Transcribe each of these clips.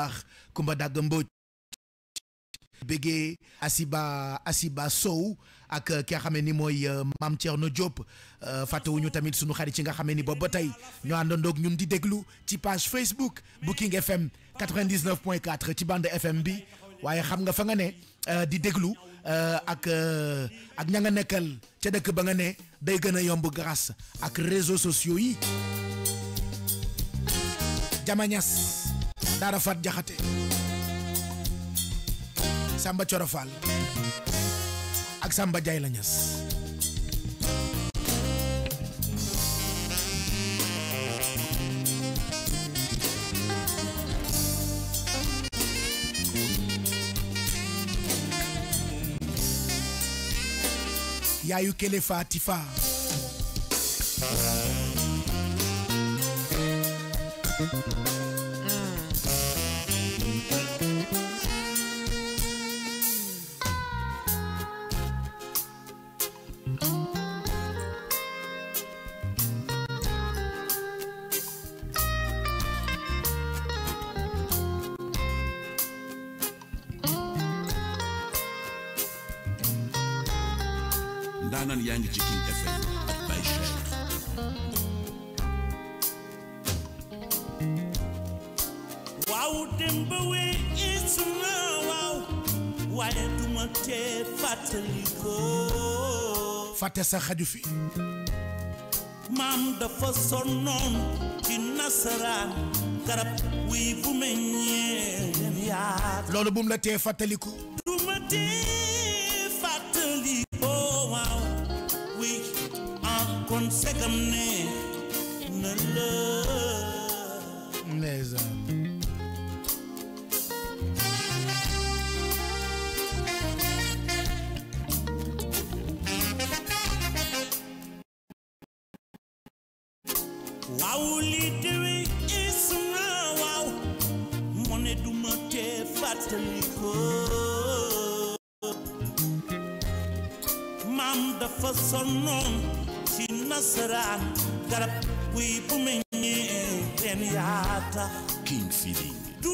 baax Kumba Dagg Mbóoj béggee Asiba Asiba Sow ak euh, ki nga xamee ni mooy euh, maam na Diop euh, fàttewuñu tamit sunu xarit ci nga xamee ni boobu ba tey ñoo àndandoog ñun di déglu ci page Facebook Booking FM 99.4 ci bande FM bi waaye xam nga fa nga ne di déglu ak ak ña nga nekkal ca dëkk ba nga ne day gën a yomb grâce ak réseaux sociaux yi jamañas Dara Fat Jaxate Samba chorofal ak Samba jay la ñas yaayu kele Fatifa fàtte sa xaju fi maam dafa sonnoon ci nasaraan garab wuy bu meññee loolu bum la tee fàttaliku du ma tee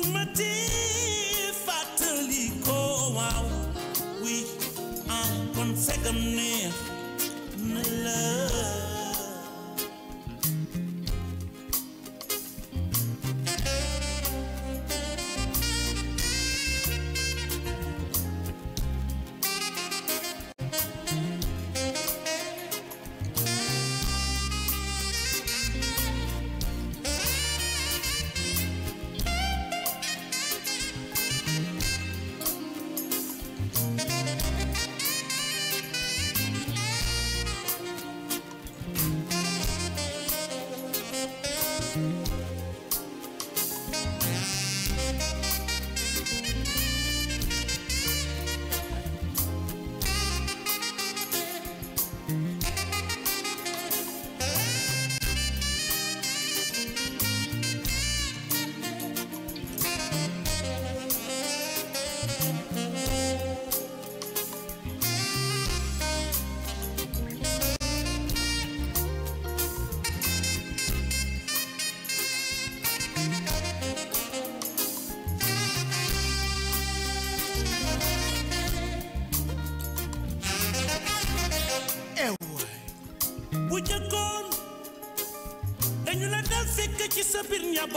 Madifataliko, wow, we are um, consequently.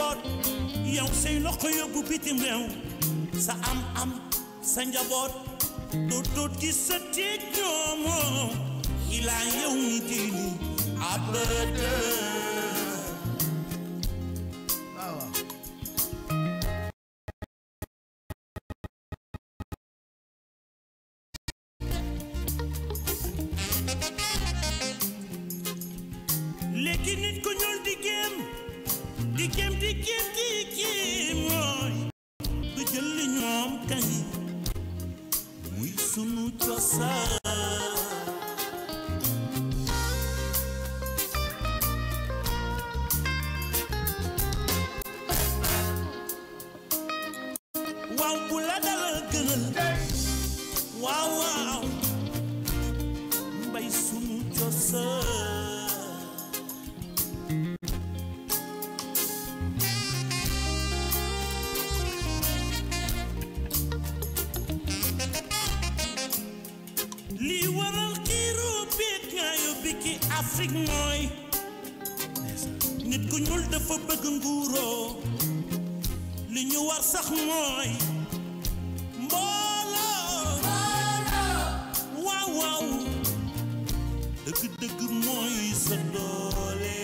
njaboot yow say loxo yóbbu bitim réew sa am-am sa njaboot dootoot gi sa tiit ñoomoo ilaa yow mi diini abada Afrique mooy nit ku ñuul dafa bëgg nguuroo li ñu war sax mooy mbooloo waaw waaw dëgg-dëgg mooy sa doole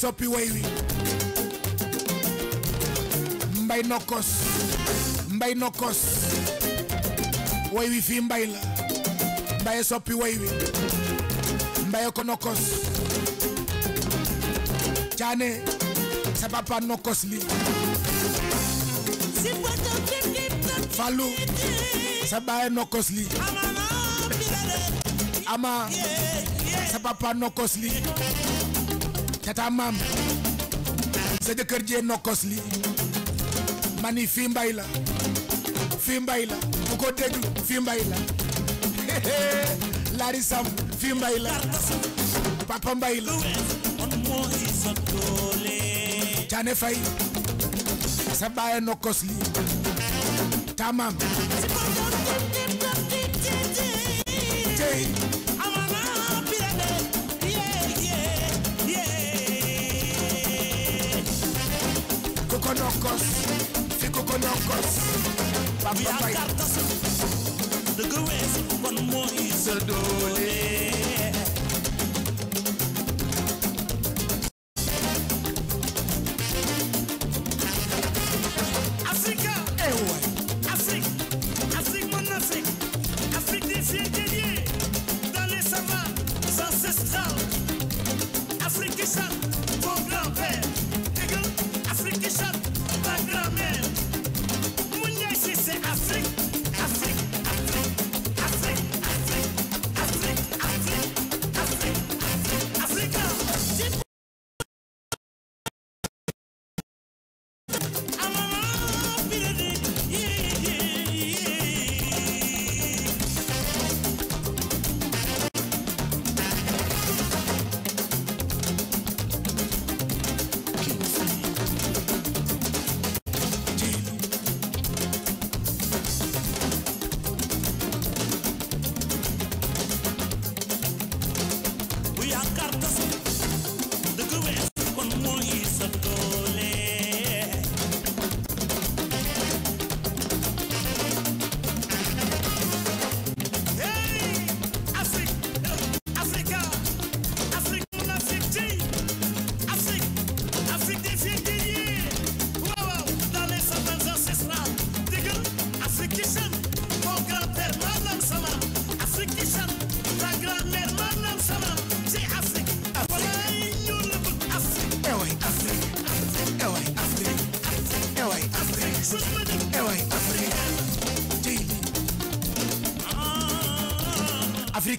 soppi way wi mbay nokkos mbay nokkos woy wi fii mbay la mbaye soppi way wi mbaye ko nokkos caane sa papa nokkos li Fallou sa baay nokkos li ama sa papa nokkos li ca ta maam sa jëkkër jee nokkos li mani fii mbay la fii mbay la bu ko déglu fii mbay la laari sam fii mbay la papa mbay la caane fay sa baay nokkos li ta maam nonkos fekk ko nonkos papa yaakaar tasul dëgg weesu bon mooy sa doole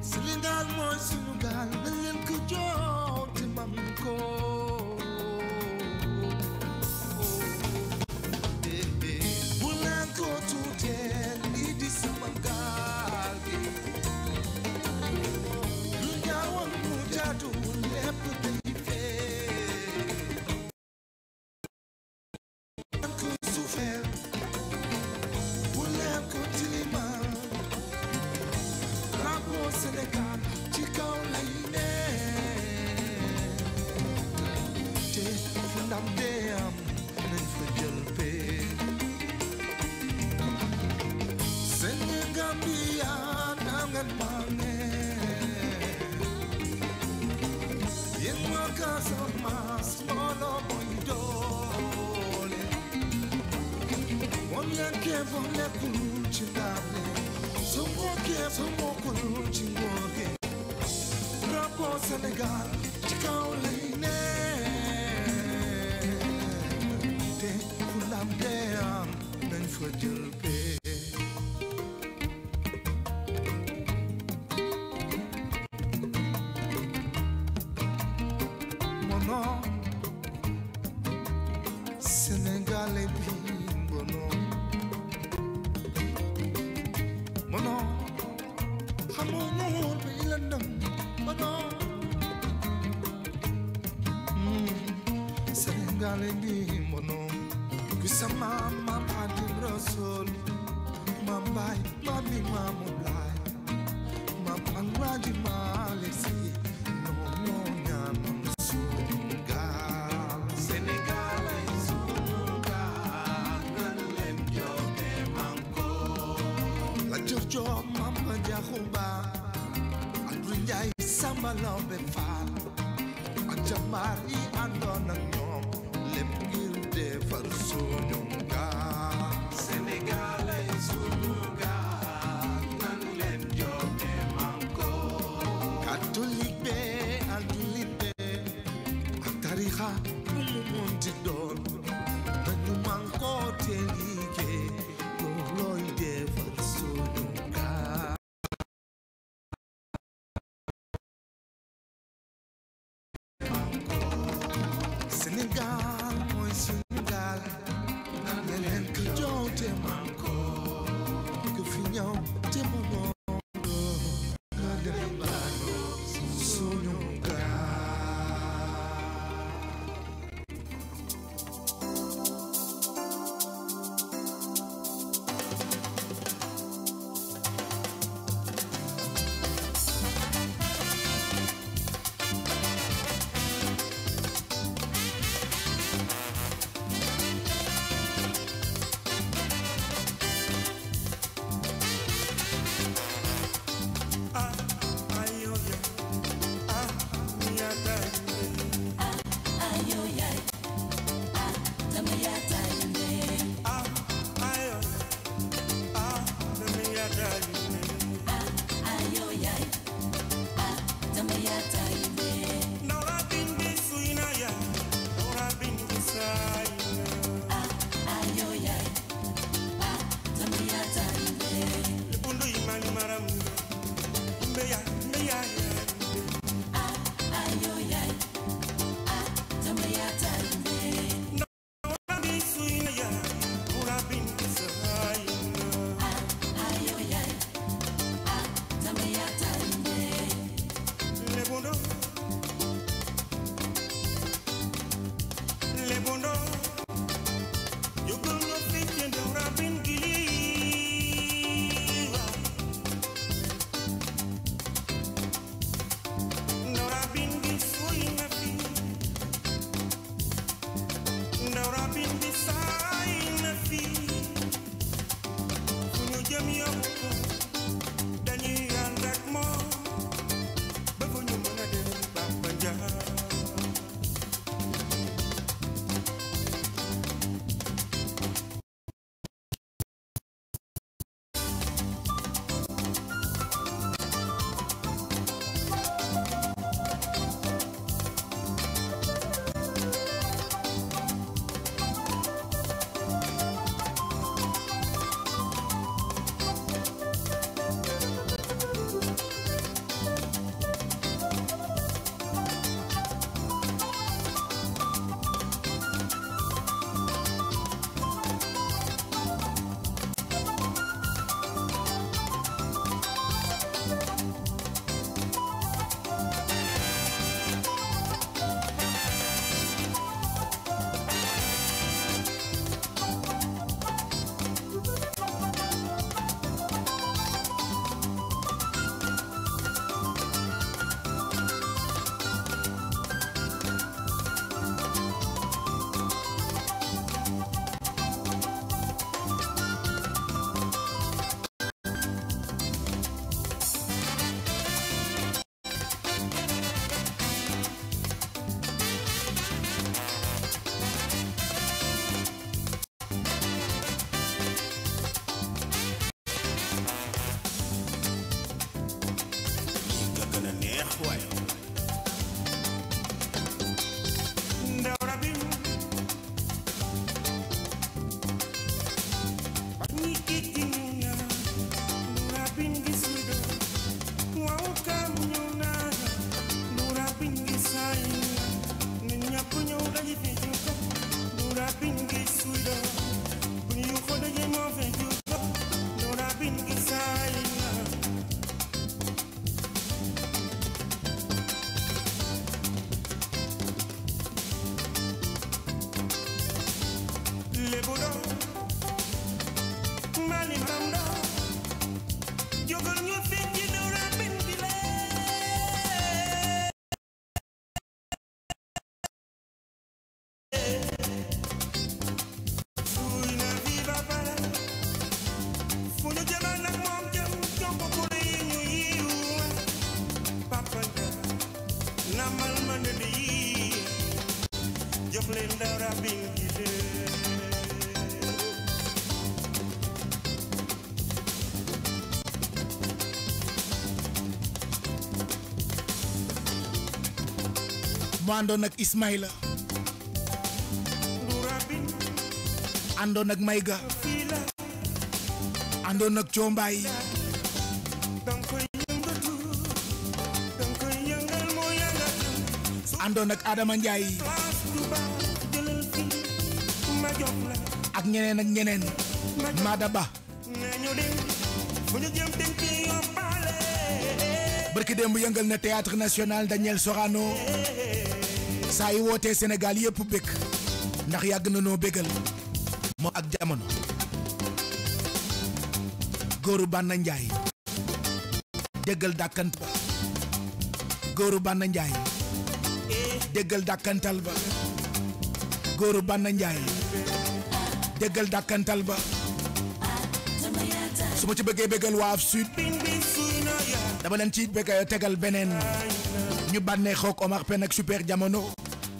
Sénégal mooy sunu gaal bu àndoon ak ando àndoon ak Mayga àndoon ak jombay àndoon ak Adama Ndiaye ak ñeneen ak ñeneen Madaba barki démb yëngal na théâtre national Daniel Sorano saa yi wootee Sénégal yëpp bëgg ndax yàgg na noo bëggal moom ak jamono góoru bànna njaay dëggal dàkkant góoru bànna njaay déggal dàkkantal ba njaay déggal dàkkantal ba su ma ci bëggee bëggal waa af sud dama leen ci tegal beneen ñu bànneexook Omar Pène ak super jamono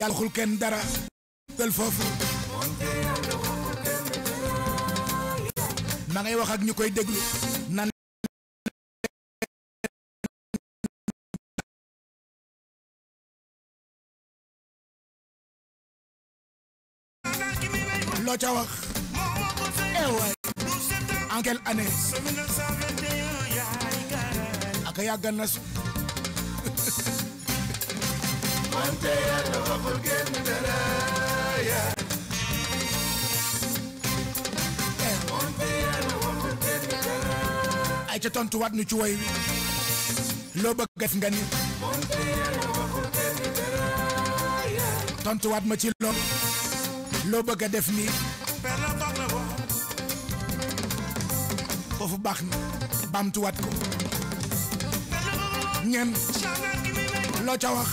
yàlla xul kenn dara del foofu ma ngay wax ak ñu koy déglu nan loo ca wax eh waay en quelle année aka yàgg na su wante yàlla waxul kenn dara yaa ay ca tontuwaat nu ci woy wi loo bëgg def nga ni wante yàlla waxul kenn dara yaa tontuwaat ma ci lool loo bëgg a def nii foofu baax na loo ca wax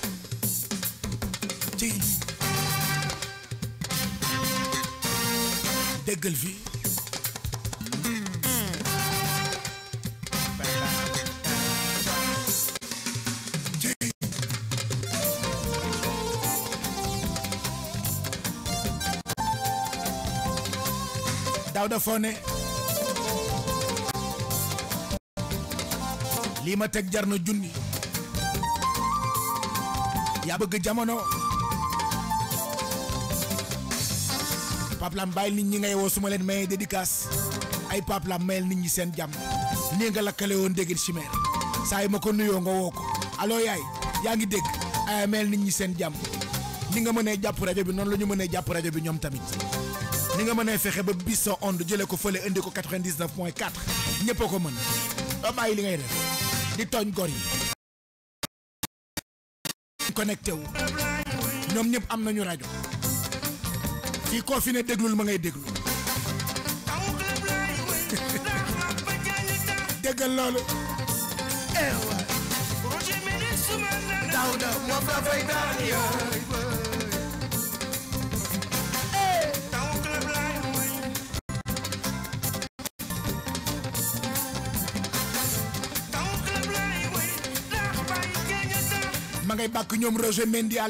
yàggal fi lii ma teg jar na junni yaa bëgg jamono paplam bàyyi nit ñi ngay woo su ma leen mayee dédicace ay paplam mayel nit ñi seen jàmm nii nga lakkale woon déggil chimère saa yi ma ko nuyoo nga woo ko aloo yaay yaa ngi dégg ay mayel nit ñi seen jàmm ni nga mënee jàpp rajo bi noonu la ñu mënee jàpp rajo bi ñoom tamit ni nga mënee fexe ba bis sa onde jële ko fële indi ko 99 point 4 ñëpp a ko mën doo bàyyi li ngay def di tooñ gor yi connecté wu ñoom ñëpp am nañu rajo kii koo fi ne déglul ma ngay déglu déggal loolu ewa dawda moo fa fay daan yooyu ma ngay bàkk ñoom Roger Mendy à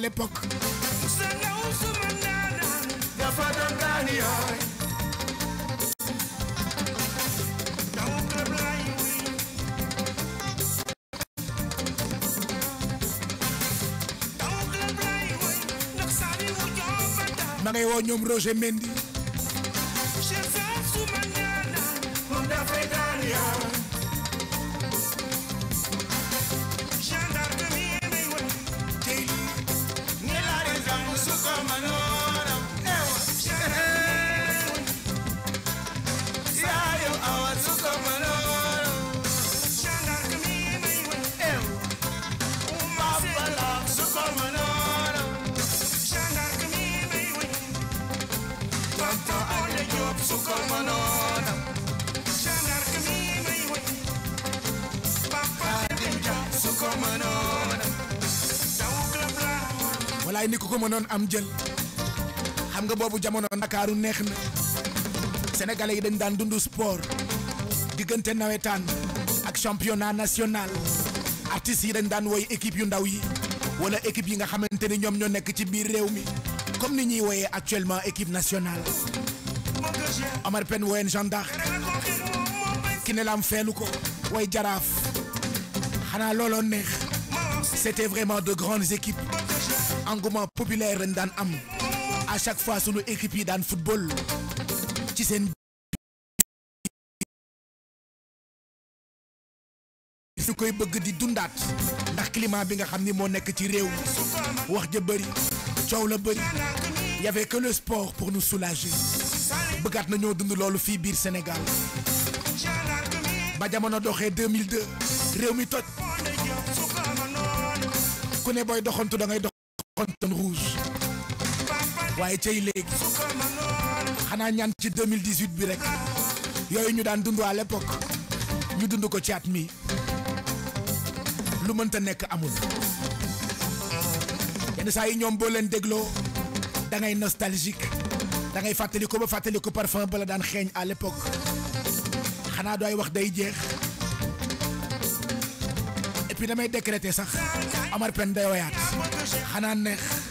ma ngay woo ñoom Roger Mendy su ko mënoon am gendarme ko mënoon am ko mënoon am jël xam nga boobu jamono Ndakaaru neex na sénégalais yi dañ daan dundu sport diggante nawetaan ak championnat national artistes yi dañ daan woy équipe yu ndaw yi wala équipe yi nga xamante ni ñoom ñoo nekk ci biir réew mi comme ni ñuy woyee actuellement équipe nationale amar Pène woyen gendarme ki ne lam feelu ko way jaraf xanaa looloo neex c'était vraiment de grandes équipes engouement populaire ndan am à chaque fois nos équipe yi le football ci sen su koy bëgg di dundat ndax climat bi nga xamni mo moo nekk ci rew wax je bari ciow la bëri y avait que le sport pour nous soulager bëggaat na dund loolu fii biir Sénégal ba jamono doxee 2002 réew mi toj ku ne booy doxantu dangay ngay doxantoon rouge waaye cay léegi xanaa ñaan ci bi rek yooyu ñu daan dund à l'époque ñu dund ko ci at mi lu mënta nekk amul yenn saa yi ñoom boo leen dégloo dangay ngay nostalgique da ngay fàttali ko ba fàttali ko parfum bala daan xeeñ à l'époque xanaa dooy wax day jeex et puis damay décréter sax Omar Pène day woyaat xanaa neex.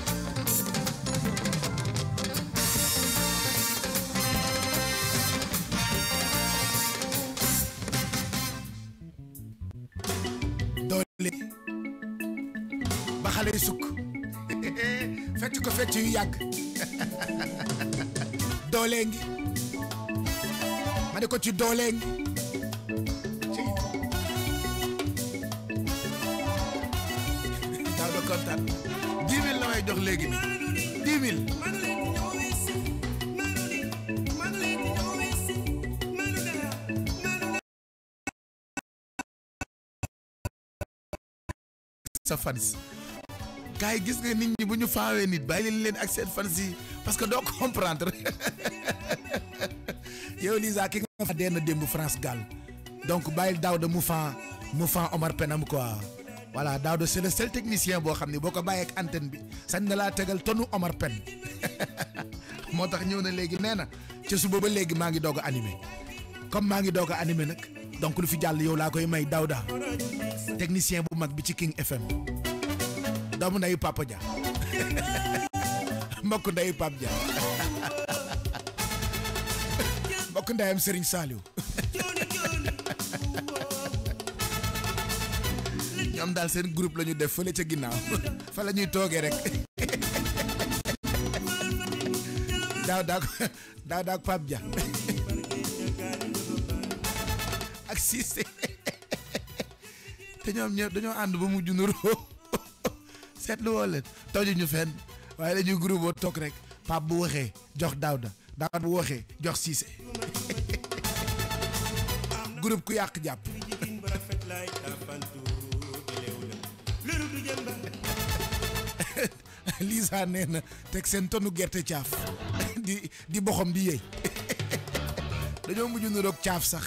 yàgg doole ma ne ko ci doole ngi daaw la may jox léegi nii kaay gis nga nit ñi bu ñu faawee nit bàyyi leen leen ak seen fans yi parce que doo comprendre yow Lisa ki nga fa dee na démb France Gall donc bàyyil Daouda mu fan mu fan Omar Penam quoi voilà Daouda c'est le technicien boo xam ne boo ko bàyyee ak antenne bi sañ na laa tegal tonu Omar Pen moo tax ñëw na léegi nee na ca suba ba léegi maa ngi doog a animé comme maa ngi doog ko animé nag donc lu fi jàll yow laa koy may Daouda technicien bu mag bi ci King doomu ndeyu Papa Dia mbokk ndeyu Papa Dia mbokk ndeyam Serigne Saliou ñoom daal seen groupe lañu def fële ca ginnaaw fa la ñuy toogee rek daaw daaw daaw daaw Papa Dia ak Cissé te ñoom ñëpp dañoo ànd ba mu mujj nuroo seetlu woo leen toju ñu toog rek Pape bu waxee jox Daouda Daouda bu waxee jox Cissé ku yàq jàpp. nee na teg seen tonu gerte caaf di di boxam di yëy dañoo mujj niroog caaf sax.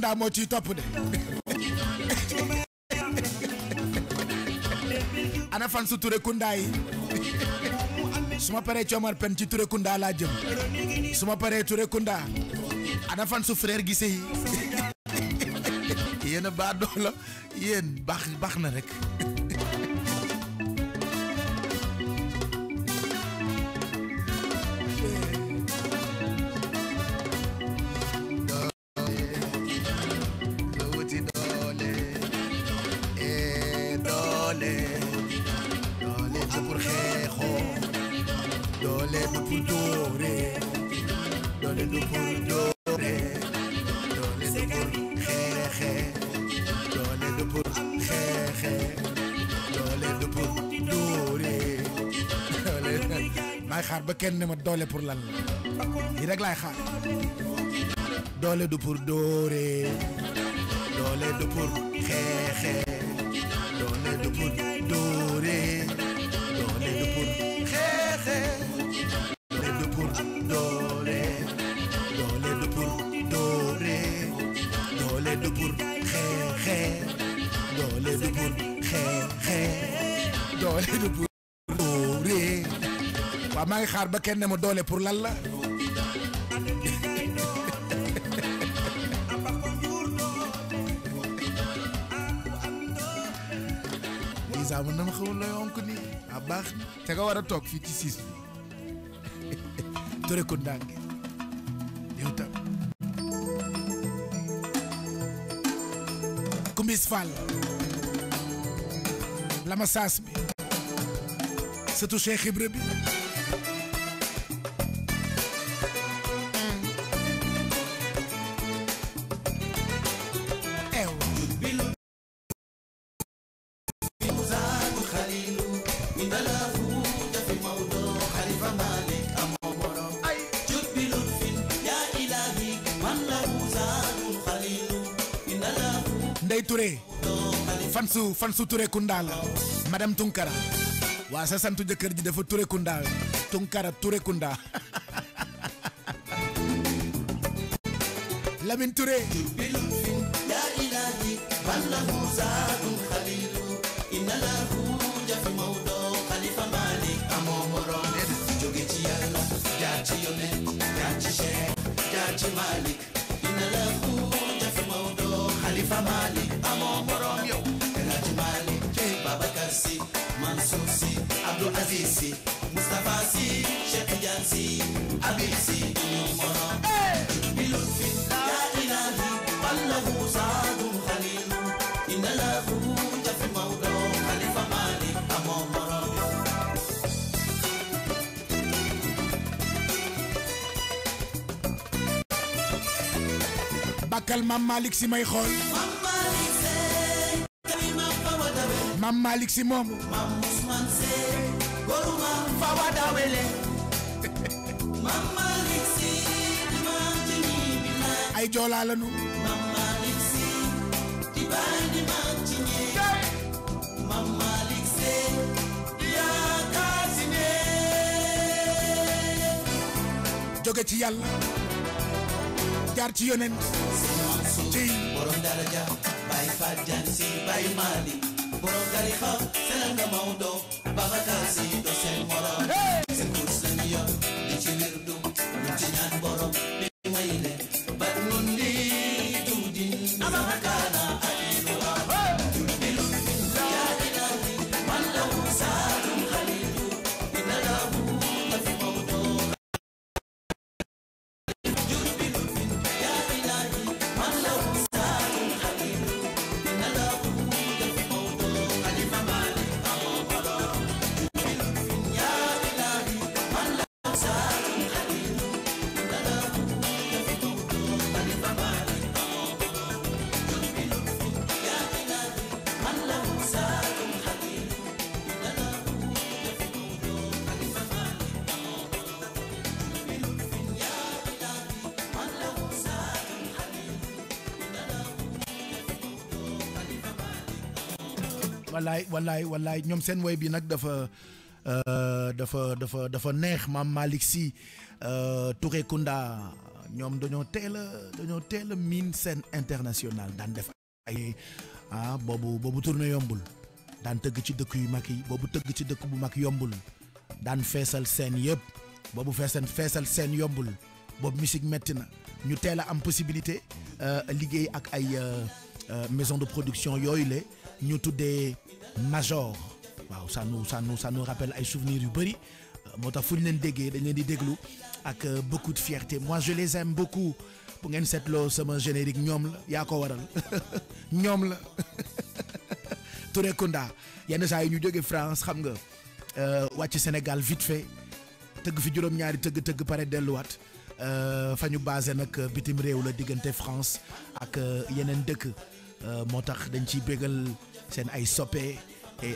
Tambacounda moo ciy topp de ana fan su Touré Kounda yi su ma paree coomar pen ci Touré Kounda laa jëm su ma paree Touré Kounda ana fan su frère gise yi yéen baa doola yéen baax baax na rek kenn ne ma doole pour lan la yi rek laay xaar doole du pour dóore doole du pour xeexe doole du pour dóore damay xaar ba kenn ne ma doole pour lan la Isa mën na ma xamul looy onk nii a ah, baax te nga war a toog fii ci siis bi ture ko ndànk yow tam Kumbis Fall lama saas bi surtout Cheikh Ibra bi Ndey Touré fan su fan su Touré Kounda la madame Tunkara waa sa santu jëkkër ji dafa Touré Kounda Tunkara Touré Kounda Lamine Touré ya ilahi Alhaji Malick dina la ku jafe Maodo Khalifa Malick amoo borom yow Alhaji Malick Babacar Sy Mansour Sy Abdou Aziz Sy Moustapha Sy Cheikh Tidiane Sy Habib Sy duñu morom bilu fi la ilahi wallahu saadu seetal Mame Malick Sy may xool Mame Malick Sy moomu ay joolaa lañu jóge ci yàlla jaar ci yonent daraja Baye Faal Jaan Si Baye Maalik borom tarixa seral nga Maodo Babacar Si do seen morom seen kurs lañu yor wallaay wallaay wallaay ñom seen way bi nak dafa euh, dafa dafa dafa neex maam Malick euh Touré Kunda ñom dañu teel dañu dañoo teel a miin scène internationale daan def ay ah bobu boobu yombul daan teug ci dëkk yu makki bobu teug ci dëkk bu mak yombul daan fessel scène yëpp bobu feesal fessel scène yombul bobu musique metti na ñu téla am possibilité euh, liggéey ak ay euh, maison de production yooyu ñu sommes major ça nous ça nous ça nous rappelle souvenirs du Bari. Euh, euh, beaucoup de fierté moi je les aime beaucoup cette loi, c'est mon générique ñoom Y'a ko waral Nous la Touré a France France xam nga Nous euh, Sénégal vite fait fi ñaari paré la France ak yenen Euh, moo tax dañ ciy bégal seen ay soppe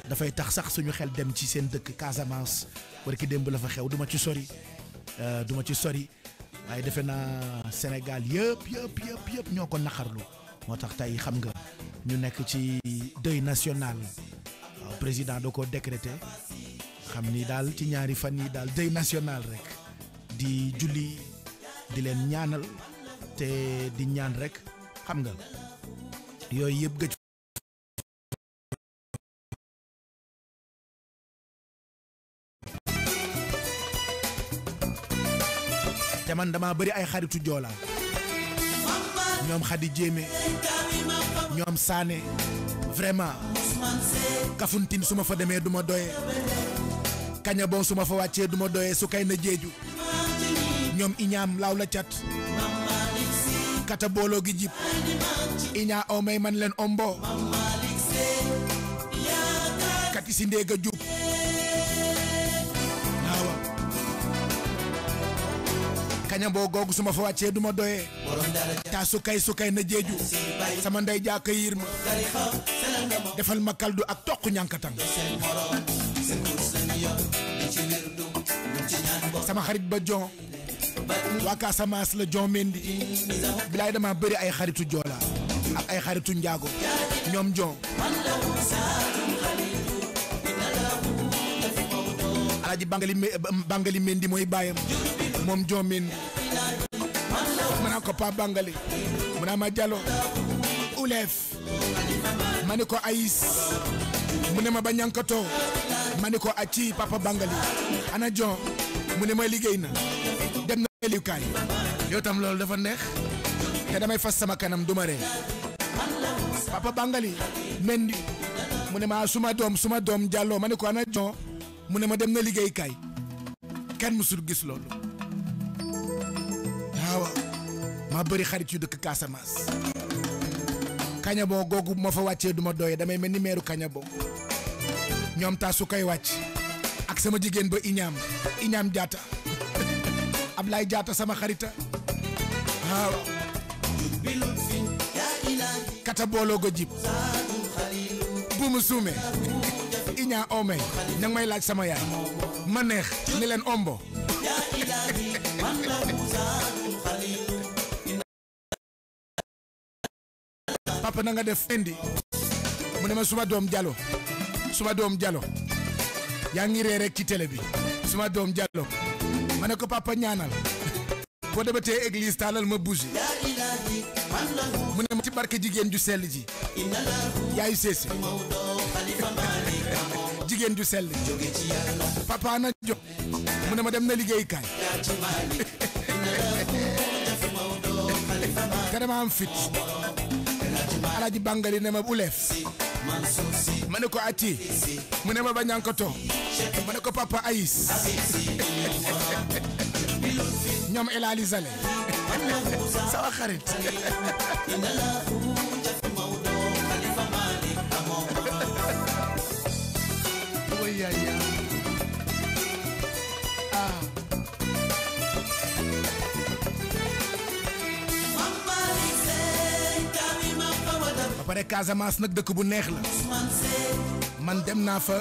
dafay tax sax suñu xel dem ci seen dëkk Casamance war ki démb la fa xew duma ci sori euh, duma ci sori ay defe naa Sénégal yëpp yëpp ñoo ko naqarlu moo tax tey xam nga ñu nekk ci deuil national waaw président da ko décrété xam ni daal ci ñaari fan yi daal dëy national rek di julli di leen ñaanal te di ñaan rek xam nga yooyu yëpp gëj te man dama bari ay xaritu joolaa ñoom xadi jéeme ñoom saane vraiment kafuntin su ma fa demee duma ma doyee kaña bon su ma fa wàccee du doyee su kayna na jeeju ñoom iñaam laaw la cat kata bolo gi jip ina o may man len ombo kati sinde ga jup jub naawa kaña suma fa wacce duma doyee Ta sukkay sukkay na jeju sama nday ja yirma defal ma kaldu ak tok ñankatang sama xarit ba waa Casamance la John Mendy bilaay dama bëri ay xaritu joola ak ay xaritu njaago ñoom John alaaji bangali bangali mooy baayam moom John Mendy ma naa ko bangali mu naa ma jalo uleef ma ni ko ayis mu ne ma ba ñankatoo ma ni ko aci papa bangali ana John mu ne ma liggéey na élukaay yow tam loolu dafa neex te damay fas sama kanam du ma ree papa bangali mendi mu ne ma ah, suma doom suma doom jàlloo ma ne ko ana jon mu ne ma dem na liggéey kaay kenn musul gis loolu waaw ma bëri xarit yu dëkk Casamance kañaboo googu moo fa wàccee duma doye damay mel ni meeru boo ñoom taa su wàcc ak sama jigéen ba iñaam iñaam jaata Ablaye Diatta sama xarita waaw kata booloo go jib buumu suume iñaa ome ña may laaj sama yaay ma neex ni leen ombo papa na nga def indi mu ne ma suma doom jalo suma doom jalo yaa ngi ree rek bi suma doom jalo ma ne ko papa ñaanal boo debatee église taalal ma bougie mu ma ci barke jigéen ju sell ji yaayu séesé jigéen ju sell ji papa na jox mu ma dem na liggéey kaay te dama am fit alaaji bàngali ne ma uleef ma ko ati mu ne ma bañankoto ma ne ko papa Aïs ñoom El Hadj Zale sama xarit. Ah. ba pare Casamance nag dëkk bu neex la man dem naa fa.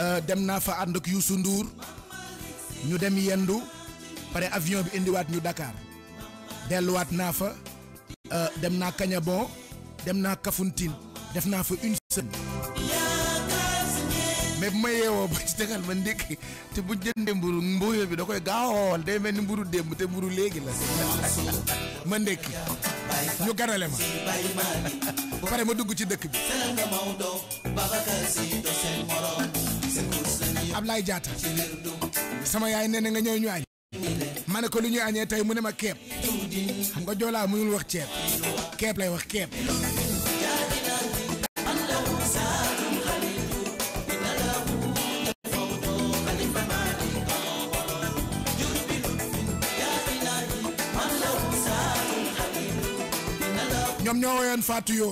Euh, dem naa fa ànd ak Youssou Ndour ñu dem yendu pare avion bi indiwaat ñu Dakar delluwaat naa fa euh, dem naa Kañabon dem naa Kafountine def naa fa une semaine mais bu ma yeewoo ba ci ma ndékki te bu jëndee mburu mburu bi da koy gaawal day mel ni mburu démb te mburu léegi la ma ndékki ñu ganale ma ba pare ma dugg ci dëkk bi Ablaye Diatta sama yaay nene nga ñëw ñuay mané ko lu ñuy añee tay mu ne ma keeb xam nga mu mënul wax ciép keeb lay wax keeb ñom ñoo woyoon fatu Yo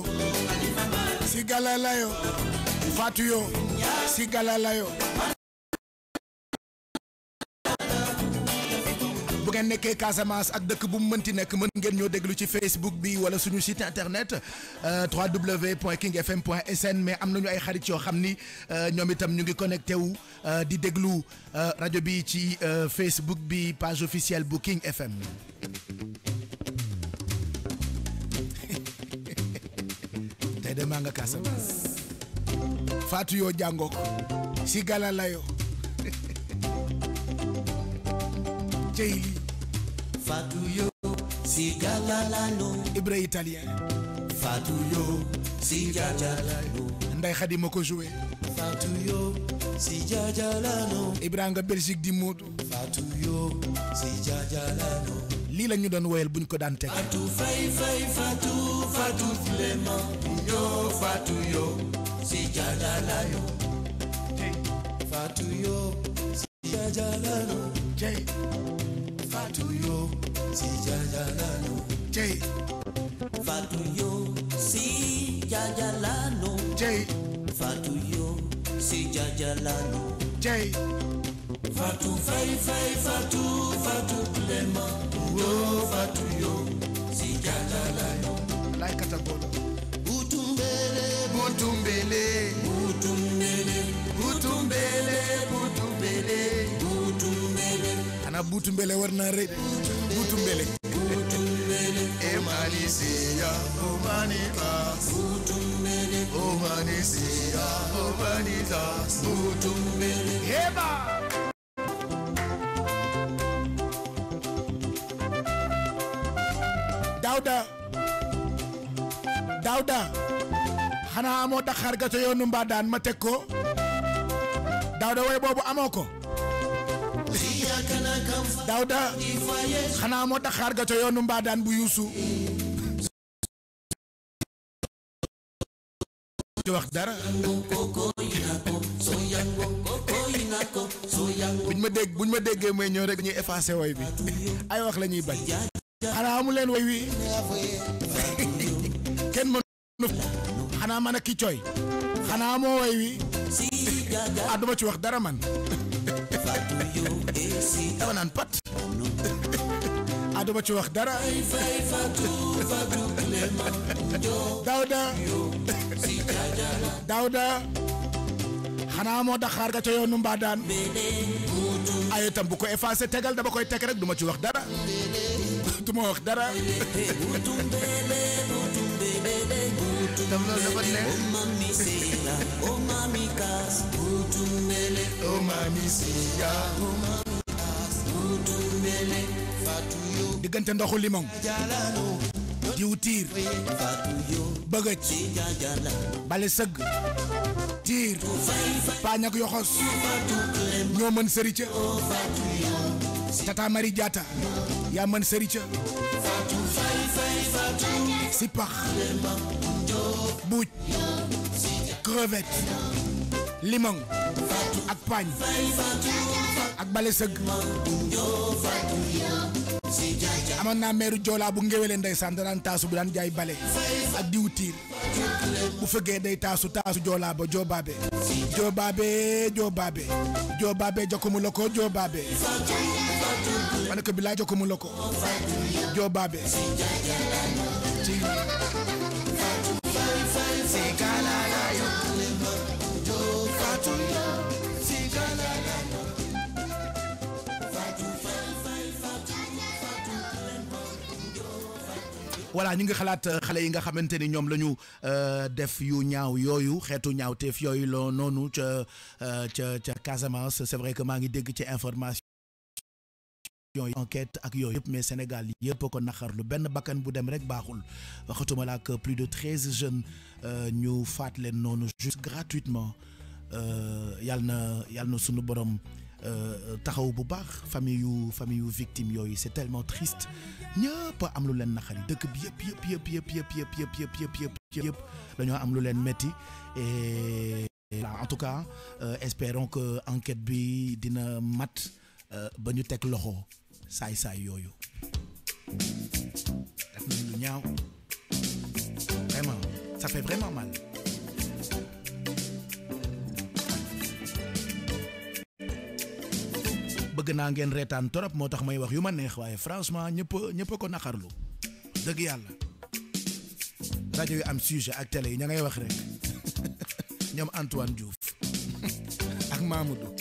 si Galalayo fatu Yo si Galalayo ngeen nekkee Casamance ak dëkk bu mu mënti nekk mën ngeen ñoo déglu ci Facebook bi wala suñu site internet euh, www.kingfm.sn mais am nañu ay xarit yoo xam ni euh, ñoom itam ñu ngi connecté wu euh, di déglu rajo bi ci Facebook bi page officielle bu King FM. tey de maa nga Casamance. Fatou yoo jàngoo ko si gala layo. Daily. Fatuyo, sigalalalo. Hébreu italien. Fatuyo, sigalalalo. Nday Khadi moo joué. Fatuyo, sigalalalo. Ibra nga Belgique di Fatuyo, sigalalalo. lii la ñu doon woyal buñ ko Fatou fay fay Fatou Fatou Filema. yo si yo. fatu yo si Fatuyo si ya ya lano. J. Fatuyo si ya ya Fatuyo si jajalano ya J. Fatu fai fai fatu fatu plema. Uo fatuyo si ya Like a tabolo. butu mbele war naa rëy butu mbele Omanisiya, Omanita, Butumbele, Omanisiya, Omanita, Butumbele, Heba! Dauda Dauda hana amota taxaar ga sa yoonu ma Dauda way boobu amoko xana mo tax xaar ga ca yoonu mbaadaan bu yuusu wax dara buñ ma dégg buñ ma déggee may ñëw rek ñuy effacé way bi ay wax la ñuy bañ xanaa amu leen way wi kenn mënu xanaa man ki cooy xanaa moo way wi ah ci wax dara man dama naan ah, dama ci wax dara Daouda Daouda xanaa moo daxaar ga ca yoonu mbaadaan ay itam bu ko effacé tegal dama koy teg rek duma ci wax dara duma wax dara daf diggante ndoxu limon. diw tiir. Fatou bëgëj. bale sëgg. tiir. paañ yoxos. ñoo mën sëri ca. tata Mari yaa mën sëri ca. si buuj crevette limon ak paañ ak bale sëgg amoon naa meeru joolaa bu ngéwélee ndeysaan daan taasu bu daan jaay bale ak diw bu fëggee day taasu taasu joolaa ba joobaabe joobaabe joobaabe joobaabe jokkumu la joobaabe ma ne ko bilaay jokkumu la ko joobaabe voilà ñu ngi xalaat euh, xale yi nga xamante ni ñoom la ñu euh, def yu ñaaw yooyu xeetu ñaaw teef yooyu loo noonu ca euh, ca ca Casamance c'est vrai que maa ngi dégg ci information yi enquête ak yooyu yëpp mais Sénégal yëpp ko naxar lu benn bakkan bu dem rek baaxul waxatuma la plus de treize jeunes ñu faat leen noonu juste gratuitement yàlla na yàlla na sunu borom taxaw bu baax famille yu famille yu victime yooyu c'est tellement triste ñëpp am lu leen naqari dëkk bi yëpp yëpp yëpp yëpp yëpp yëpp yëpp yëpp yëpp yëpp dañoo am lu leen metti et en tout cas espérons que enquête bi dina mat ba ñu teg loxo saay-saay yooyu def nañ lu ñaaw vraiment ça fait vraiment mal bëgg naa ngeen reetaan torop moo tax may wax yu ma neex waaye franchement ñëpp ñëpp ko naqarlu dëgg yàlla rajo yu am sujet ak télé yi ña ngay wax rek ñoom Antoine Diouf ak Mamadou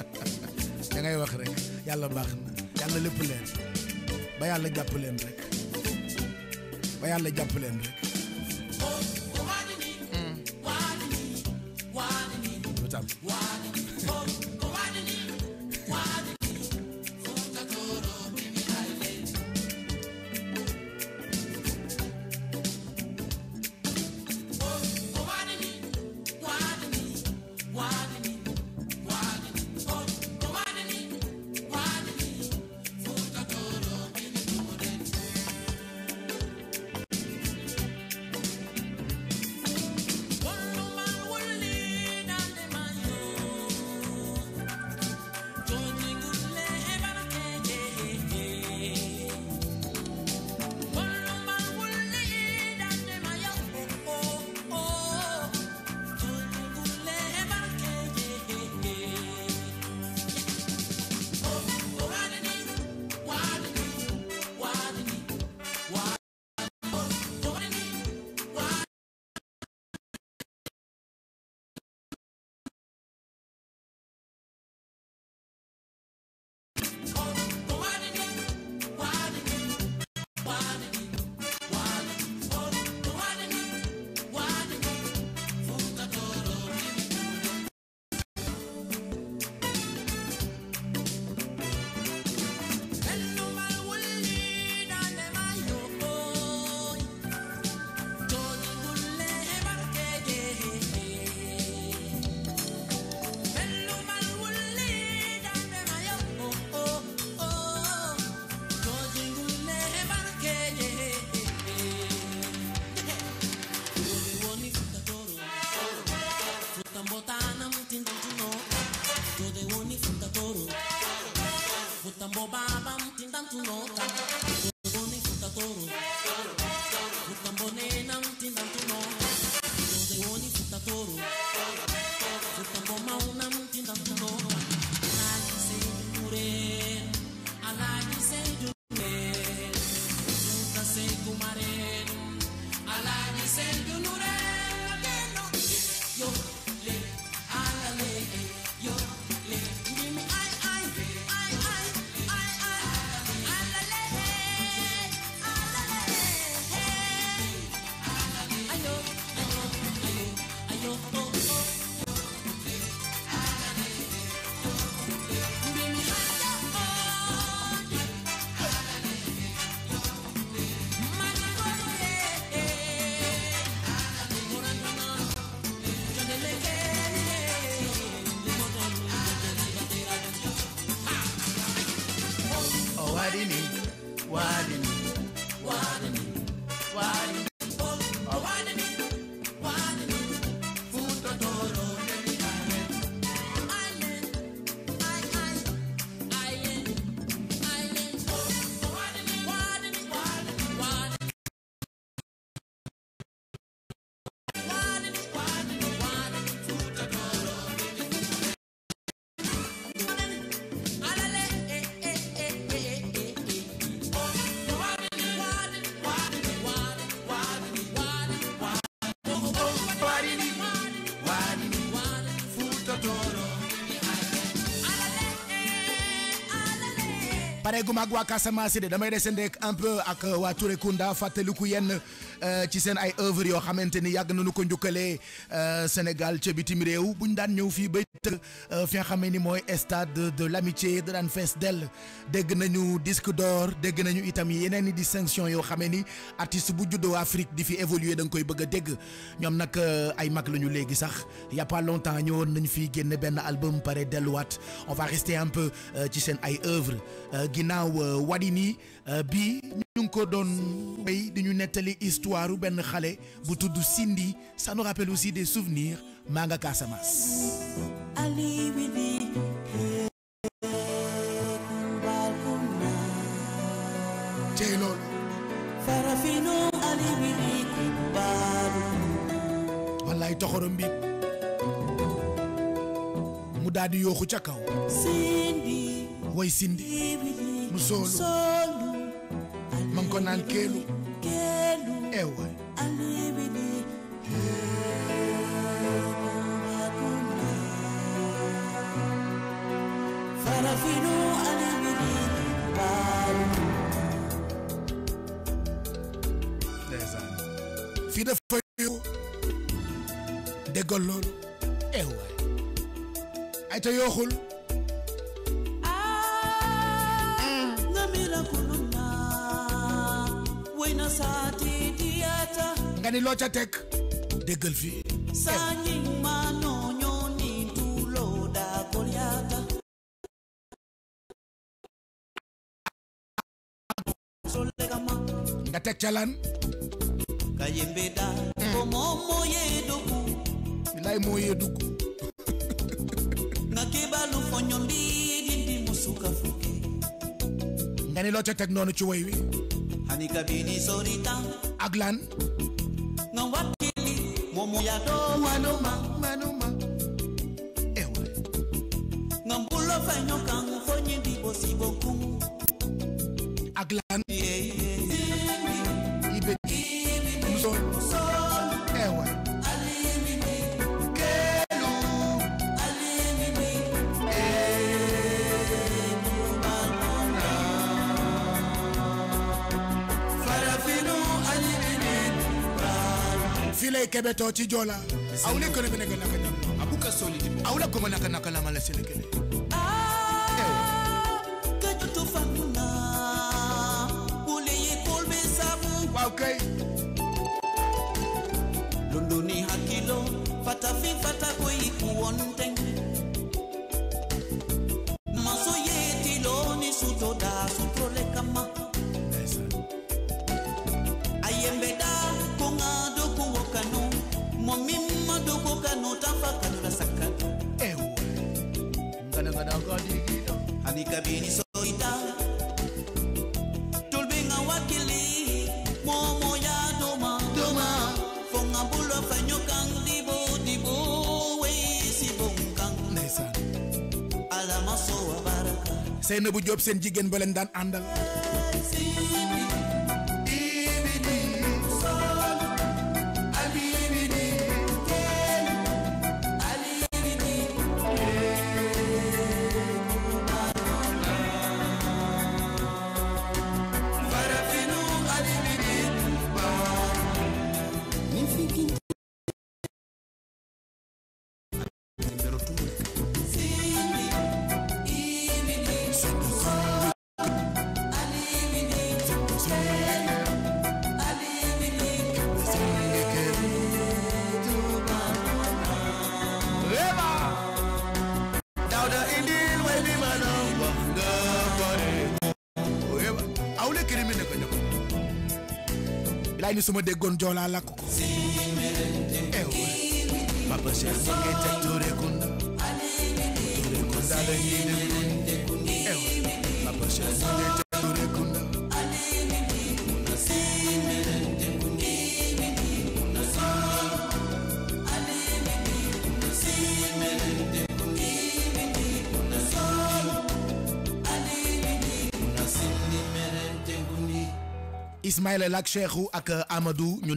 ña ngay wax rek yàlla baax na yàlla lépp leen ba yàlla jàpp leen rek ba yàlla jàpp leen rek hmm. pareegum ak waa Casamance de damay descendre un peu ak euh, waa Touré Kunda fàttaliku yenn euh, ci seen ay œuvre yoo xamante ni yàgg nañu ko njukkalee euh, Sénégal ca bitim réew bu ñu daan ñëw fii Euh, fi nga ni mooy stade de l'amitié de daan fees dégg nañu disque d'or dégg nañu itam yenen ni distinction yoo xamee ni artiste bu juddoo Afrique di fi évoluer dang koy bëgg a dégg ñoom nag euh, ay mag la légui sax il y a pas longtemps ñëwoon nañ fi génn ben album paré delluwaat on va rester un peu euh, ci sen ay œuvre ginaaw Wadini bi ñu ko don wéy di ñu netali histoire ben xalé bu tuddu Sindi ça nous rappelle aussi des souvenirs maa nga Casamance tey loolu wallaay toxoro mbiib mu daal di ca kaw way sindi mu soolu man ko naan keelu eewaay فرفنوا أنا ndeysaan fii dafa yow déggoon loolu eh waay ay ta yooxul ah, nga ni loo ca teg déggal fii nga teg ca lan nga yembe daal mm. ko moom moo yee dindi musuka fukke nga ni loo ca teg noonu sorita ak lan nga wakkili moom manuma manuma ewe nga mbulo faño kan foñi di bosi file kebe to ci ah, Okay. Atafifata koi kuonteng Seynabu Jóob seen jigéen ba leen daan àndal su ma déggoon joolaa lakk ko. Ismaïla Lak Cheikhou ak Amadou ñu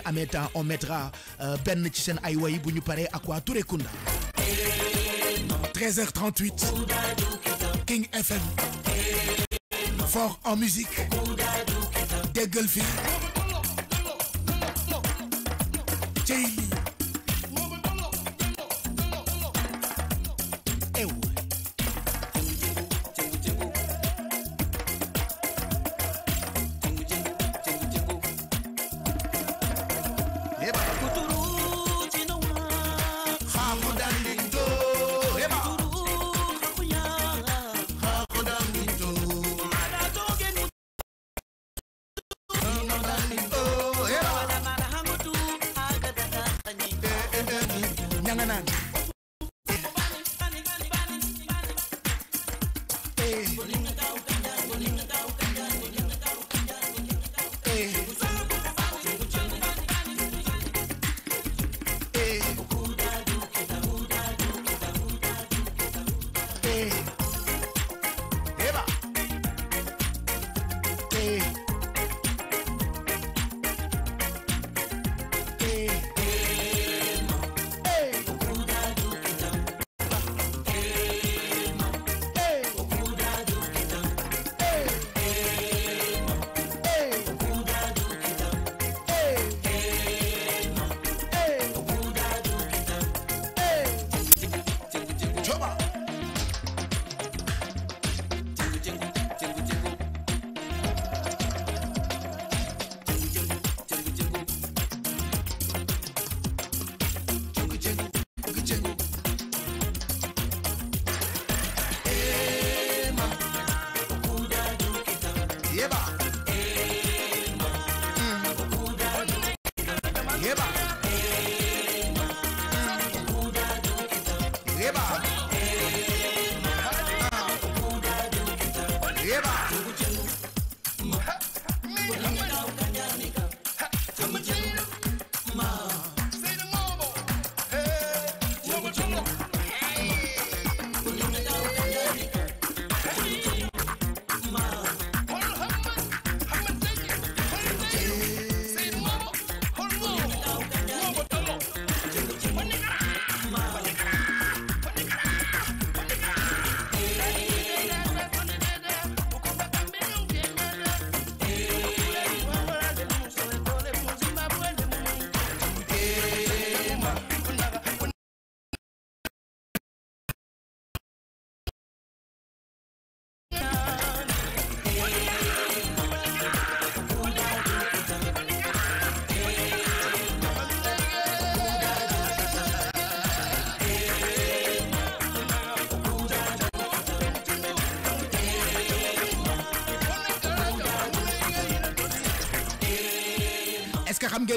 à on mettra euh, Ben ci à ay way nous paré à quoi tous Touré Kunda 13h38 King FM fort en musique Degolfi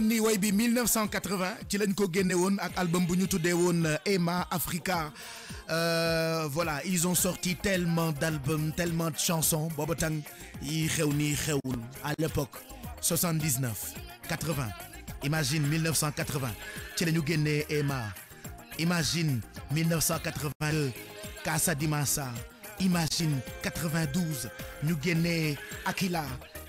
1980 ci lañ ko album euh, euh, voilà ils ont sorti tellement d'albums tellement de chansons yi à l'époque 79 80 imagine 1980 ci lañu Emma imagine 1982 Casa imagine 92 ñu Akila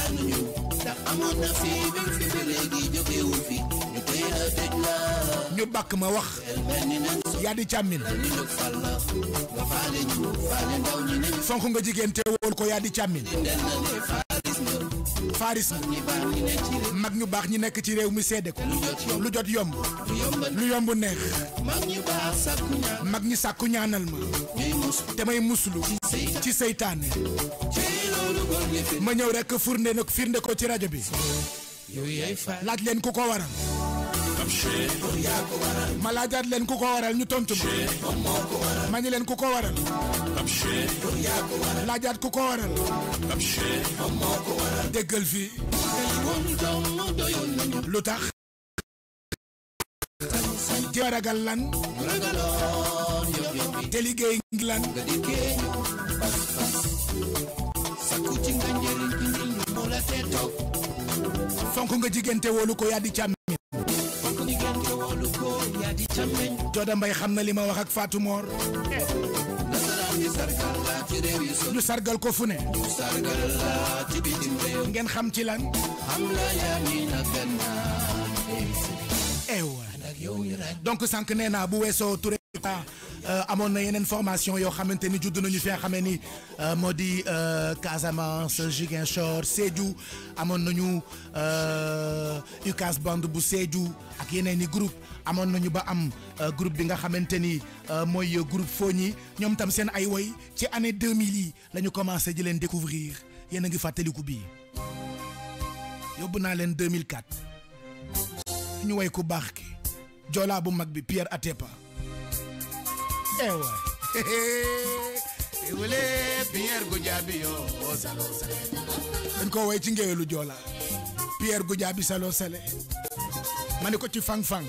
jàng ñu ndax ma wax yaa di càmmin fonk nga jigéen te wool ko yaa di càmmin mag ñu baax ñi nekk ci réew mi seede ko lu jot yomb lu yomb neex mag ñi sàkku ñaanal ma te may muslu ci seytaane ma ñëw rek firnde nag firnde ko ci rajo bi laaj leen ku ko waral ma laajaat leen ku ko waral ñu tontu ma ma ñu leen ku ko waral laajaat ku ko waral déggal fii lu tax di ragal lan te liggéey lan seetoo fonk nga jigéen te ko yaa di càmmeñ Mbay xam na li ma wax ak Fatou Mor sargal ko fu ne ngeen xam ci lan ewa donc sànq nee bu weesoo Touré il y euh, na une formation yo xamanteni judd nañu fi nga euh, modi euh, Casamance UCAS bande bu ak groupe ba am groupe bi nga xamanteni groupe tam sen ay ci année 2000 lañu commencé di découvrir ngi 2004 ñu way Pierre Atepa ewe Ewele pierre gujabi yo salo sale dañ ko way ci ngewelu jola pierre gujabi salo sale mané ci fang fang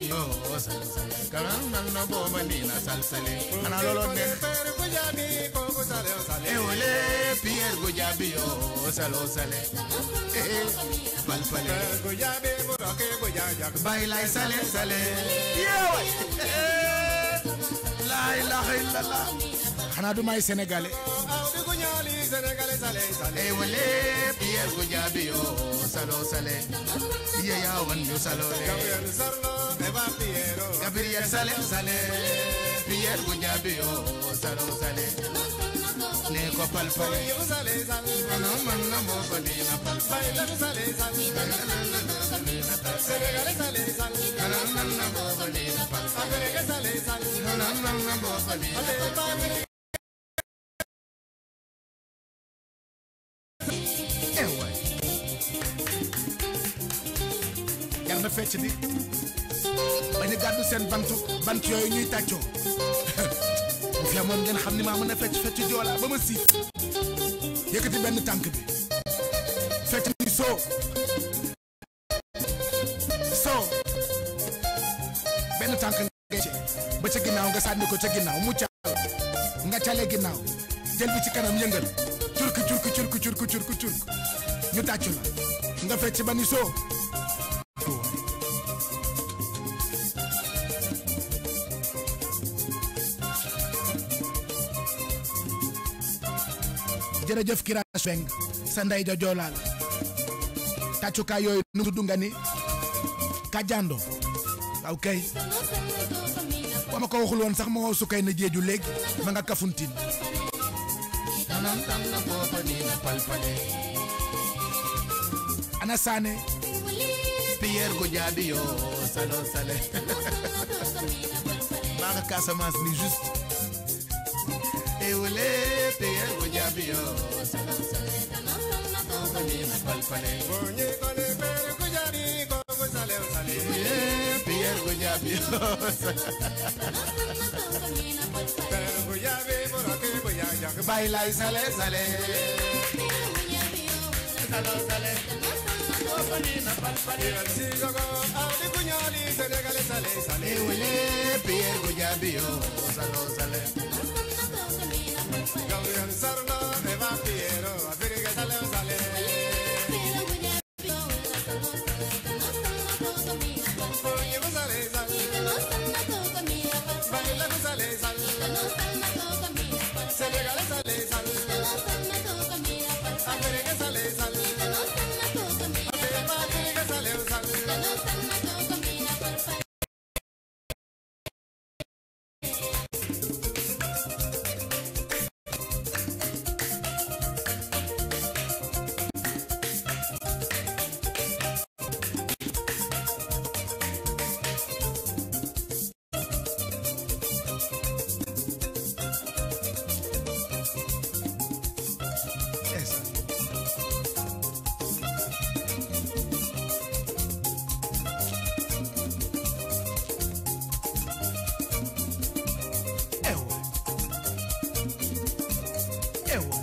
yo salo sale kala nan na bo mani na sal sale ana lolo ne pierre gujabi ko ko sale sale iwule pierre gujabi yo salo sale eh pal pal gujabi mo ke gujabi baila sale sale yo laa illallah xanaa du may sénégalais wale oh, salo sale gabriel sale sale oh, biye gu salo sale ko palpal Anyway, yàlla na fecc bi bañ bantu bant yooyu ñuy te moom ngeen xam ni maa na a fecc fecc joolaa ba ma siis yëkkati benn tànk bi fecc ni soo soo benn tànk nga ci ba ca ginnaaw nga sànni ko ca ginnaaw mu caal nga cale ginnaaw jël bi ci kanam yëngal curk curk curk curk curk curk ñu tàccu la nga fecc ba ni soo jërëjëf Kira Sweng sa ndey ja joolaal yooyu nu tudd kajando waaw kay wa ma ko waxul woon sax ma woo sukkay na jeeju léegi ma nga kafuntin ana saane Pierre Goudiaby maa nga ni juste Salen te baila y sale sale. Gabriel Sarna a ẹ̀wọ̀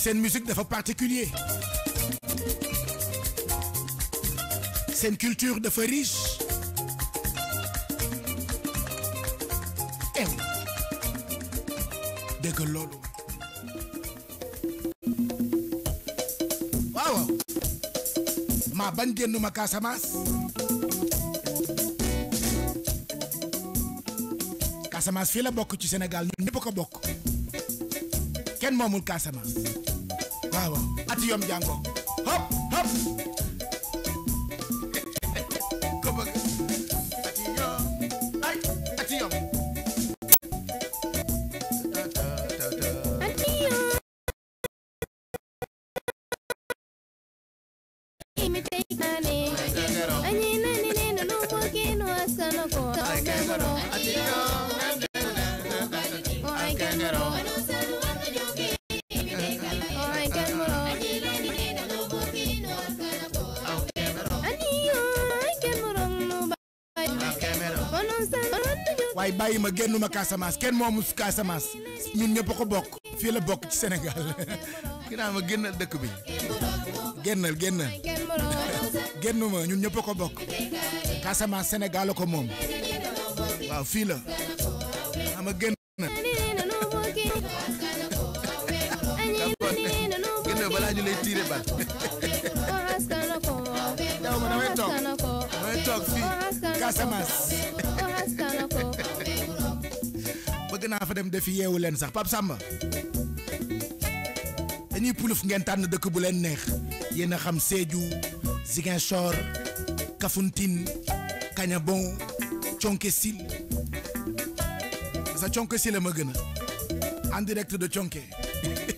C'est une musique de dafa particulier une culture de riche génnuma Casamance Casamance fii la bokk ci Sénégal ñun ñëpp ko bokk kenn moomul Casamance waaw ati yom jàngo hop hop génnuma Casamance kenn moomu Casamance ñun ñëpp ko bokk fii la bokk ci Sénégal ki naa ma génnal dëkk bi génnal génnal génnuma ñun ñëpp ko bokk la ko moom waaw fii la ama génnal génnal balaa ñu na fa dem def yewu len sax pap Samba dañuy puluf ngeen tànn dëkk bu len neex a xam Sédhiou Ziguinchor Kafountine Kagnabon Thionck Essyl sa Thionck de la ma gën en direct de chonke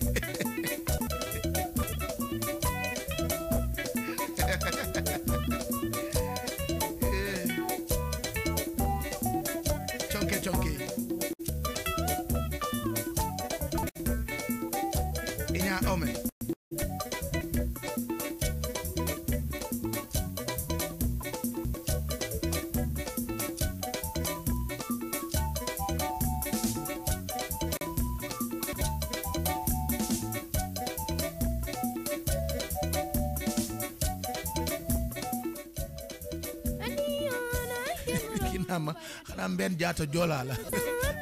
Mbène jaata Joola la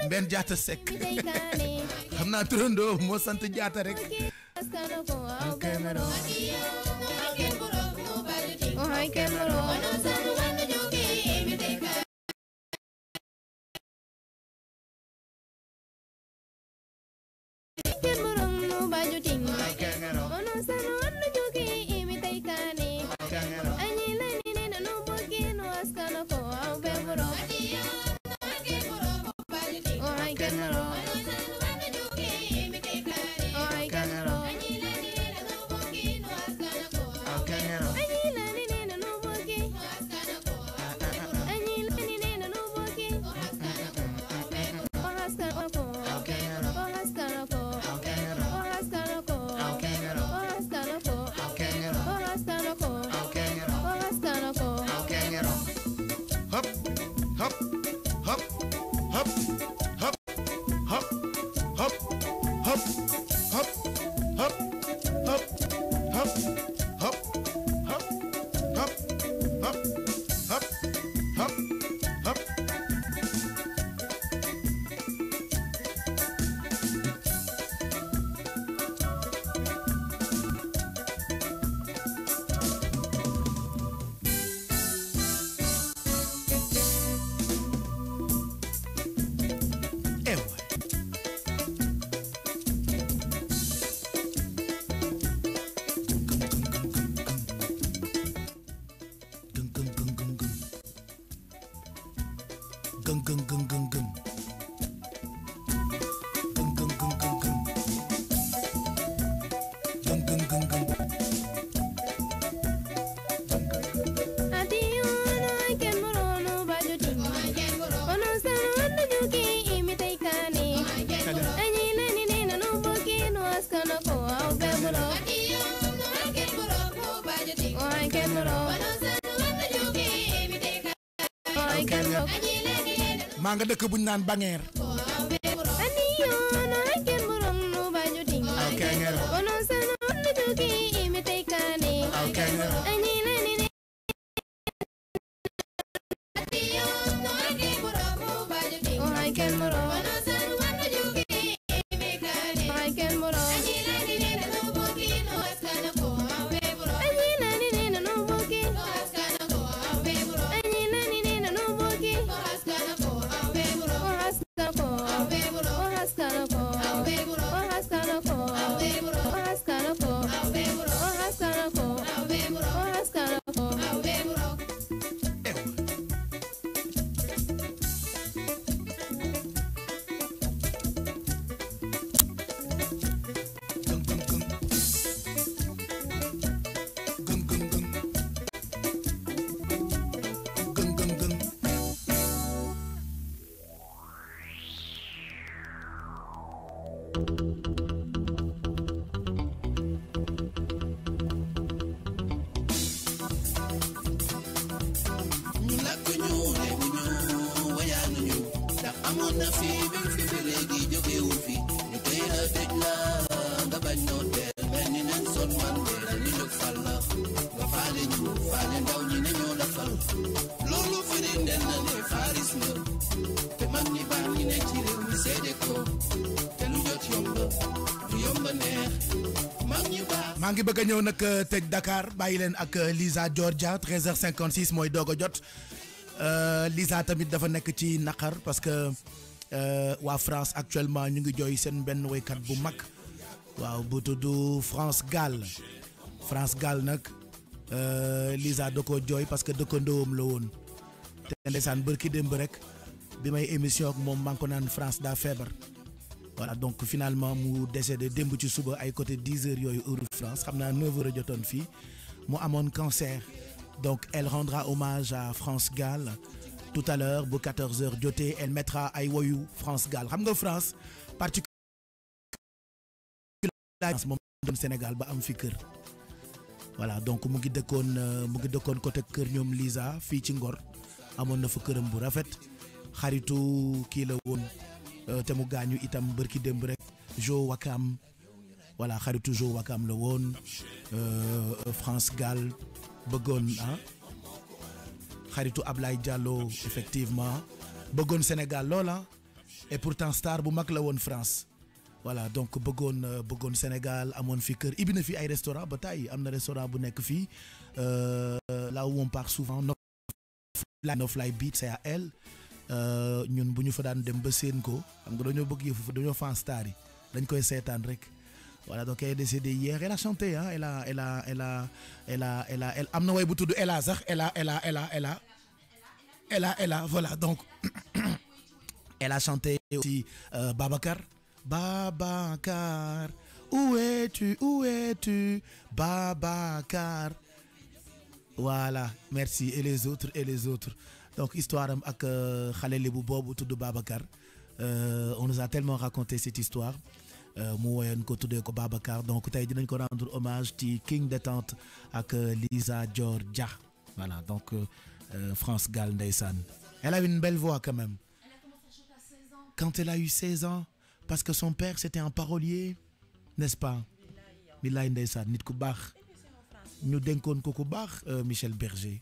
Mbène Diatta Seck xam naa turandoo moo sant jaata rekk 更更更 maa nga dëkk bu ñu naan Bangeer maa ngi bëgg a ñëw nag tëj Dakar bàyyi leen ak eh, Lisa Georgia 13h56 mooy doog a jot eh, Lisa tamit dafa nekk ci naqar parce que eh, waa France actuellement ñu ngi jooy seen benn woykat bu mag waaw bu tudd France Gall France Gall nag Lisa da Joy, jooy parce que dëkkandoom la woon te ndeysaan bërki démb rek bi may émission ak moom maa ko naan France daa feebar. voilà donc finalement mu décédé démb ci suba ay côté 10 h yooyu heure France xamna 9 h jotone fi fii mu cancer donc elle rendra hommage à France Gall tout à l'heure bu 14 heures joté elle mettra ay woyou France Gall xam nga France particulièrement moom Sénégal ba am fi kër voilà donc mu ngi dëkkoon mu ngi dëkkoon côté kër ñom Lisa fi ci Ngor amone na fa keureum bu rafet xaritu ki la won euh, Temu gañu itam barki demb rek Jo Wakam voilà xaritu Jo Wakam la euh, France Gal, Begon, hein, ah. xaritu ablay Diallo effectivement Begon Sénégal Lola, ah. et pourtant star bu mak la France voilà donc Begon, euh, Begon Sénégal amone fi kër ibbi fi ay restaurant ba Amne restaurant bu fi là où on part souvent fly Beach c'est à elle euh, ñun fa daan dem ba voilà donc elle hier elle a chanté hein, elle a elle a elle a elle a elle a voilà donc elle a chanté aussi euh, Babacar Babacar où es-tu où es-tu Babacar voilà merci et les autres et les autres donc histoire avec euh, Khalil xale lébu tout de Babacar euh, on nous a tellement raconté cette histoire euh, mu ko ko Babacar donc tu dinañ ko rendre hommage à King Détente ak Lisa Georgia. voilà donc France Gall Ndeysan. elle a une belle voix quand même quand elle a eu 16 ans parce que son père c'était un parolier n'est-ce pas Mila hein. Ndeysan, nit nous avons ñu Michel Berger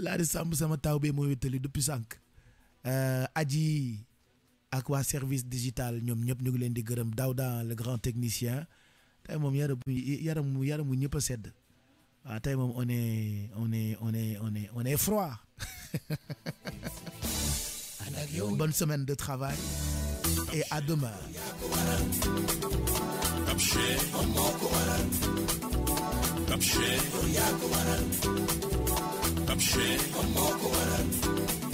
Laari sama taw bee wéttali depuis sànq aji à quoi service digital ñoom ñëpp ñu ngi leen di le grand technicien tey on est on est on est on est on est froid bonne semaine de travail et à demain I'm not going.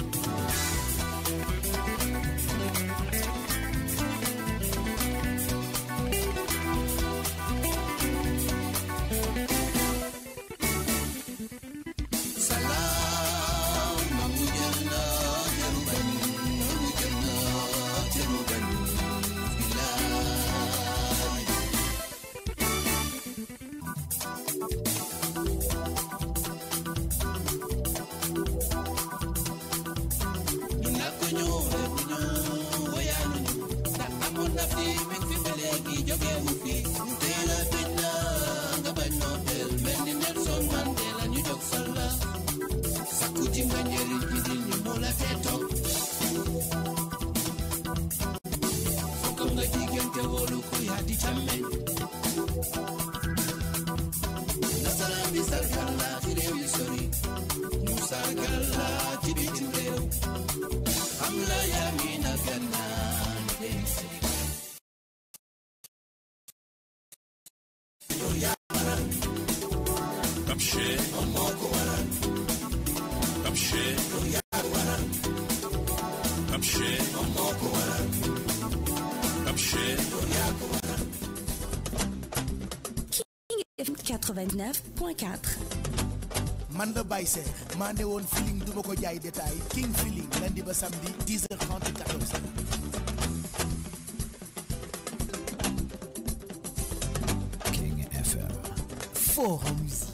Determined 99.4. man la Baye Seex maa ne feeling du ma ko jaay détail king feeling lundi ba samedi 10h30 14h. fort en musique.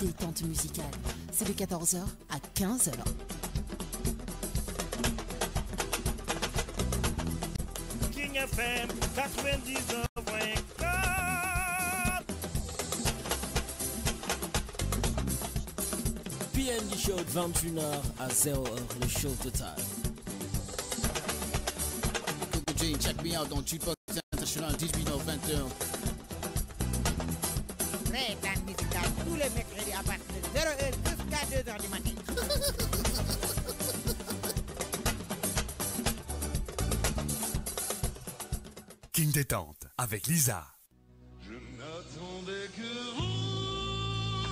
Détente musicale, c'est de 14h à 15h. King FM 99.4 PND Show 21h à 0h, le show total. Coco Jane, check me out on Jukebox International 18h21. détente avec Lisa. Je n'attendais que vous.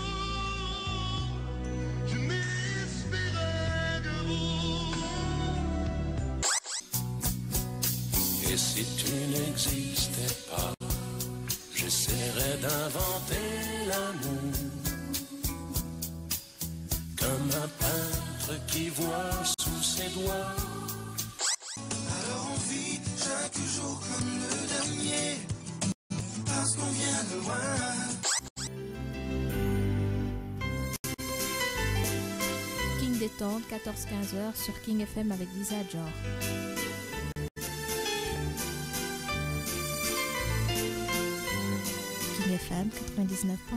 Je m'espérais que vous. Et si tu n'existes 14-15 heures sur King FM avec Lisa Jor. King FM 99.